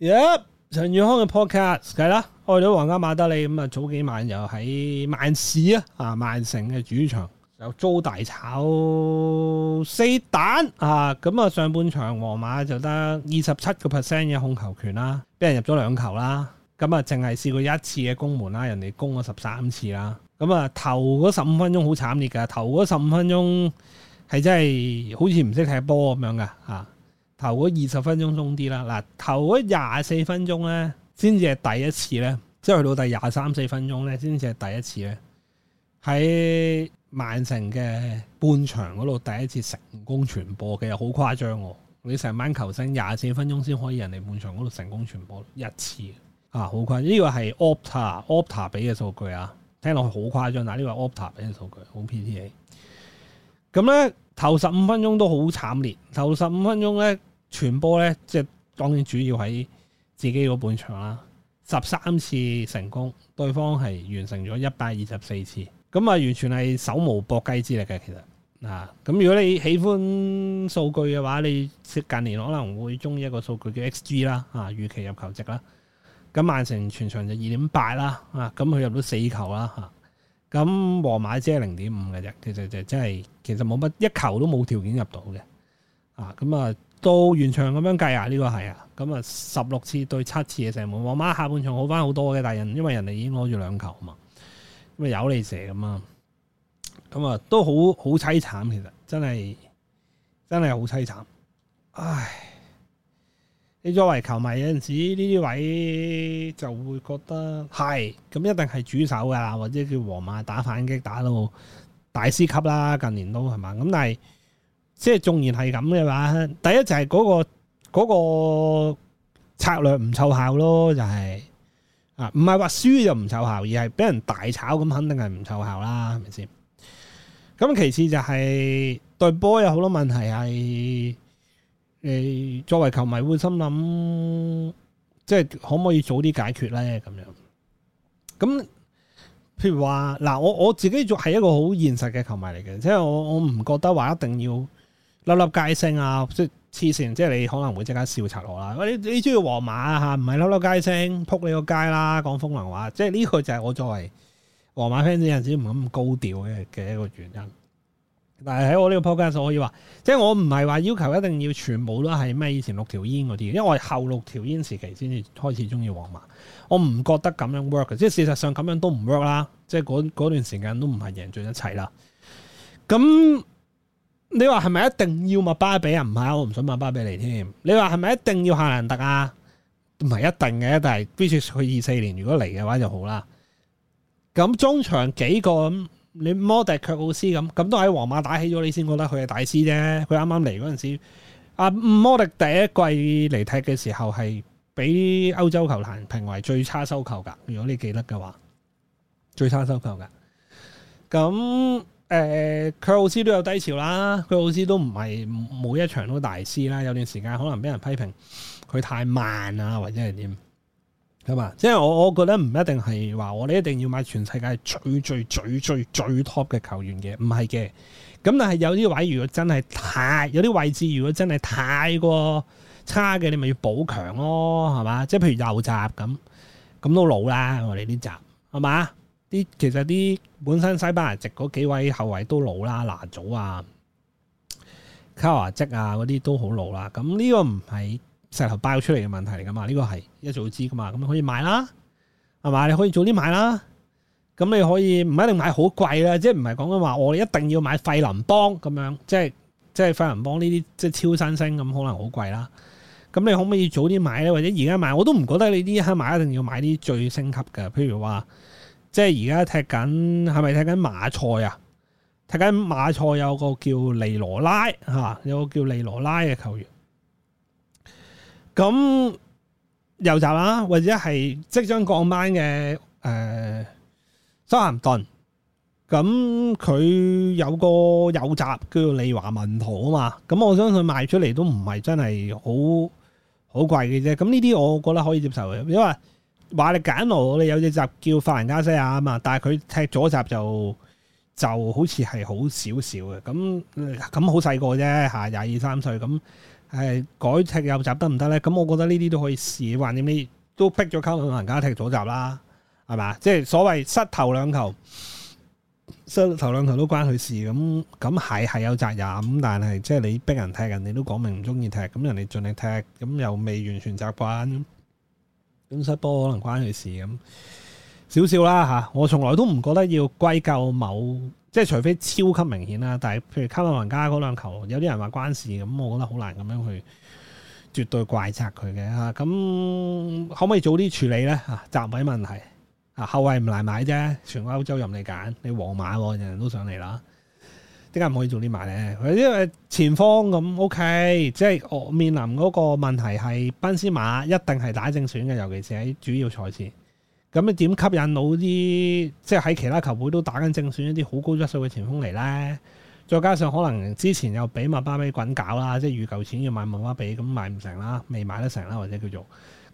Yep！陳宇康嘅 podcast，梗係啦，開咗皇家馬德里咁啊，早幾晚又喺曼市啊，啊曼城嘅主場又遭大炒四蛋啊，咁啊上半場皇馬就得二十七個 percent 嘅控球權啦，俾人入咗兩球啦，咁啊淨係試過一次嘅攻門啦，人哋攻咗十三次啦，咁啊頭嗰十五分鐘好慘烈噶，頭嗰十五分鐘係真係好似唔識踢波咁樣噶，啊！頭嗰二十分鐘鬆啲啦，嗱，頭嗰廿四分鐘咧，先至係第一次咧，即係去到第廿三四分鐘咧，先至係第一次咧，喺曼城嘅半場嗰度第一次成功傳播嘅，好誇張喎、哦！你成班球星廿四分鐘先可以人哋半場嗰度成功傳播一次啊，好誇張！呢個係 Opta Opta 俾嘅數據啊，聽落去好誇張，但、這、呢個 Opta 俾嘅數據好 PTA 咁咧，頭十五分鐘都好慘烈，頭十五分鐘咧。傳波咧，即係當然主要喺自己嗰半場啦。十三次成功，對方係完成咗一百二十四次，咁啊完全係手無搏雞之力嘅其實啊。咁如果你喜歡數據嘅話，你近年可能會中意一個數據叫 XG 啦啊，預期入球值啦。咁曼城全場就二點八啦啊，咁、啊、佢入到四球啦嚇。咁、啊啊、皇馬只係零點五嘅啫，其實就真係其實冇乜一球都冇條件入到嘅啊。咁啊～到完場咁樣計啊？呢個係啊，咁啊十六次對七次嘅射門，皇馬下半場好翻好多嘅，但係因為人哋已經攞住兩球啊嘛，咁啊有你射咁啊，咁啊都好好凄慘，其實真係真係好凄慘，唉！你作為球迷有陣時呢啲位就會覺得係，咁一定係主手噶啦，或者叫皇馬打反擊打到大師級啦，近年都係嘛，咁但係。即係縱然係咁嘅話，第一就係嗰個嗰個策略唔奏效咯，就係啊，唔係話輸就唔奏效，而係俾人大炒咁，肯定係唔奏效啦，係咪先？咁其次就係對波有好多問題係誒、呃，作為球迷會心諗，即係可唔可以早啲解決咧？咁樣咁，譬如話嗱，我我自己仲係一個好現實嘅球迷嚟嘅，即係我我唔覺得話一定要。粒粒皆星啊！即係黐線，即係你可能會即刻笑柒我啦。你你中意皇馬啊吓？唔係粒粒皆星，撲你個街啦！講風涼話，即係呢個就係我作為皇馬 fans 有陣時唔係咁高調嘅嘅一個原因。但係喺我呢個 podcast，我可以話，即係我唔係話要求一定要全部都係咩以前六條煙嗰啲，因為我係後六條煙時期先至開始中意皇馬。我唔覺得咁樣 work 即係事實上咁樣都唔 work 啦。即係嗰段時間都唔係贏盡一切啦。咁。你話係咪一定要麥巴比啊？唔係，我唔想麥巴比嚟添。你話係咪一定要夏蘭特啊？唔係一定嘅，但係佢二四年如果嚟嘅話就好啦。咁中場幾個咁，你摩迪卻奧斯咁，咁都喺皇馬打起咗，你先覺得佢係大師啫。佢啱啱嚟嗰陣時，阿摩迪第一季嚟踢嘅時候係俾歐洲球壇評為最差收購噶。如果你記得嘅話，最差收購噶。咁。誒佢、呃、老師都有低潮啦，佢老師都唔係每一場都大師啦。有段時間可能俾人批評佢太慢啊，或者係點咁啊？即係、就是、我我覺得唔一定係話我哋一定要買全世界最最最最最，最，最 top 嘅球員嘅，唔係嘅。咁但係有啲位如果真係太有啲位置如果真係太過差嘅，你咪要補強咯，係嘛？即、就、係、是、譬如右閘咁，咁都老啦，我哋呢閘係嘛？啲其實啲本身西班牙籍嗰幾位後衞都老啦，拿祖啊、卡瓦積啊嗰啲都好老啦。咁呢個唔係石頭爆出嚟嘅問題嚟噶嘛？呢個係一早知噶嘛？咁可以買啦，係嘛？你可以早啲買啦。咁你可以唔一定買好貴啦，即係唔係講緊話我哋一定要買費林邦咁樣，即係即係費林邦呢啲即係超新星咁，咁可能好貴啦。咁你可唔可以早啲買咧？或者而家買我都唔覺得你呢刻買一定要買啲最升級嘅，譬如話。即係而家踢緊，係咪踢緊馬賽啊？踢緊馬賽有個叫利羅拉、啊、有個叫利羅拉嘅球員。咁右閘啦、啊，或者係即將降班嘅誒修咸頓。咁佢有個右閘叫利華文圖啊嘛。咁我相信佢賣出嚟都唔係真係好好貴嘅啫。咁呢啲我覺得可以接受嘅，因為。話你揀我，你有隻閘叫法蘭加西亞啊嘛，但係佢踢左閘就就好似係好少少嘅，咁咁好細個啫嚇，廿二三歲咁，改踢右閘得唔得咧？咁我覺得呢啲都可以試，話點咩都逼咗溝法蘭加踢左閘啦，係嘛？即係所謂失頭兩球，失頭兩球都關佢事，咁咁係係有責任，但係即係你逼人踢，人哋都講明唔中意踢，咁人哋盡力踢，咁又未完全習慣。本塞波可能關佢事咁少少啦吓，我從來都唔覺得要歸咎某，即係除非超級明顯啦。但係譬如卡馬文加嗰兩球，有啲人話關事咁，我覺得好難咁樣去絕對怪責佢嘅吓。咁可唔可以早啲處理咧？站位問題啊，後衞唔難買啫，全歐洲任你揀，你皇馬人人都想嚟啦。點解唔可以做呢馬呢買咧？因為前鋒咁 OK，即係我面臨嗰個問題係，賓斯馬一定係打正選嘅，尤其是喺主要賽事。咁你點吸引到啲即係喺其他球會都打緊正選一啲好高質素嘅前鋒嚟呢？再加上可能之前又俾麥巴比滾搞啦，即係預夠錢要買麥巴比，咁買唔成啦，未買得成啦，或者叫做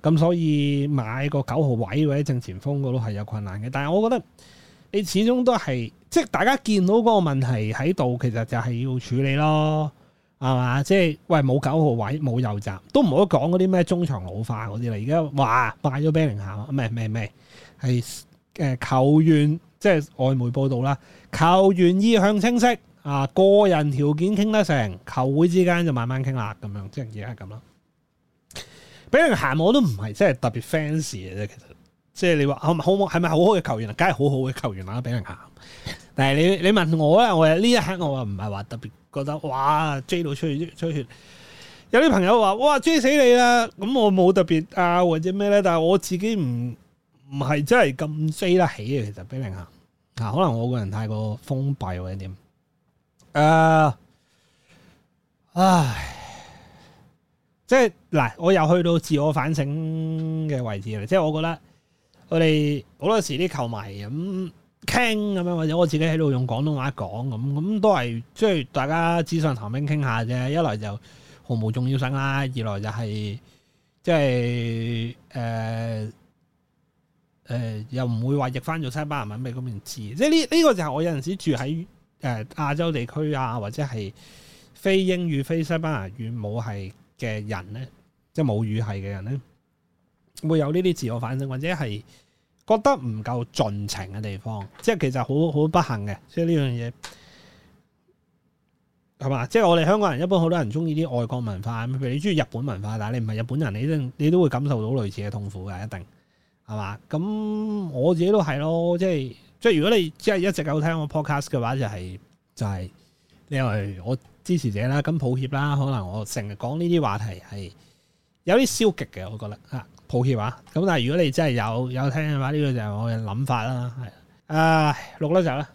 咁，咁所以買個九號位或者正前鋒都係有困難嘅。但係我覺得你始終都係。即係大家見到嗰個問題喺度，其實就係要處理咯，係嘛？即係喂，冇九號位冇右閘，都唔好講嗰啲咩中場老化嗰啲啦。而家話賣咗比利鹹啊？咩？咩？咩？係係、呃、球員，即係外媒報道啦。球員意向清晰啊，個人條件傾得成，球會之間就慢慢傾啦。咁樣即係而家係咁咯。比利鹹我都唔係真係特別 fans 嘅啫，其實即係你話好好？係咪好好嘅球員,球員啊？梗係好好嘅球員啦，比利鹹。但係你你問我咧，我呢一刻我唔係話特別覺得哇追到出血、血，有啲朋友話哇追死你啦。咁、嗯、我冇特別啊或者咩咧，但係我自己唔唔係真係咁追得起嘅，其實俾你吓吓啊，可能我個人太過封閉或者點，誒、呃、唉，即係嗱，我又去到自我反省嘅位置啦，即係我覺得我哋好多時啲球迷咁。傾咁樣，或者我自己喺度用廣東話講咁，咁都係即係大家紙上談兵傾下啫。一來就毫無重要性啦，二來就係即係誒誒，又唔會話譯翻咗西班牙文俾佢面知。即係呢呢個就係我有陣時住喺誒亞洲地區啊，或者係非英語、非西班牙語母系嘅人咧，即係母語系嘅人咧，會有呢啲自我反省，或者係。覺得唔夠盡情嘅地方，即係其實好好不幸嘅，所以呢樣嘢係嘛？即係我哋香港人一般好多人中意啲外國文化，譬如你中意日本文化，但係你唔係日本人，你都你都會感受到類似嘅痛苦嘅，一定係嘛？咁我自己都係咯，即係即係如果你即係一直有聽我 podcast 嘅話，就係、係、就係因為我支持者啦，咁抱歉啦，可能我成日講呢啲話題係有啲消極嘅，我覺得啊。抱歉啊，咁但係如果你真係有有聽嘅話，呢、呢個就係我嘅諗法啦，係啊的，錄啦就啦。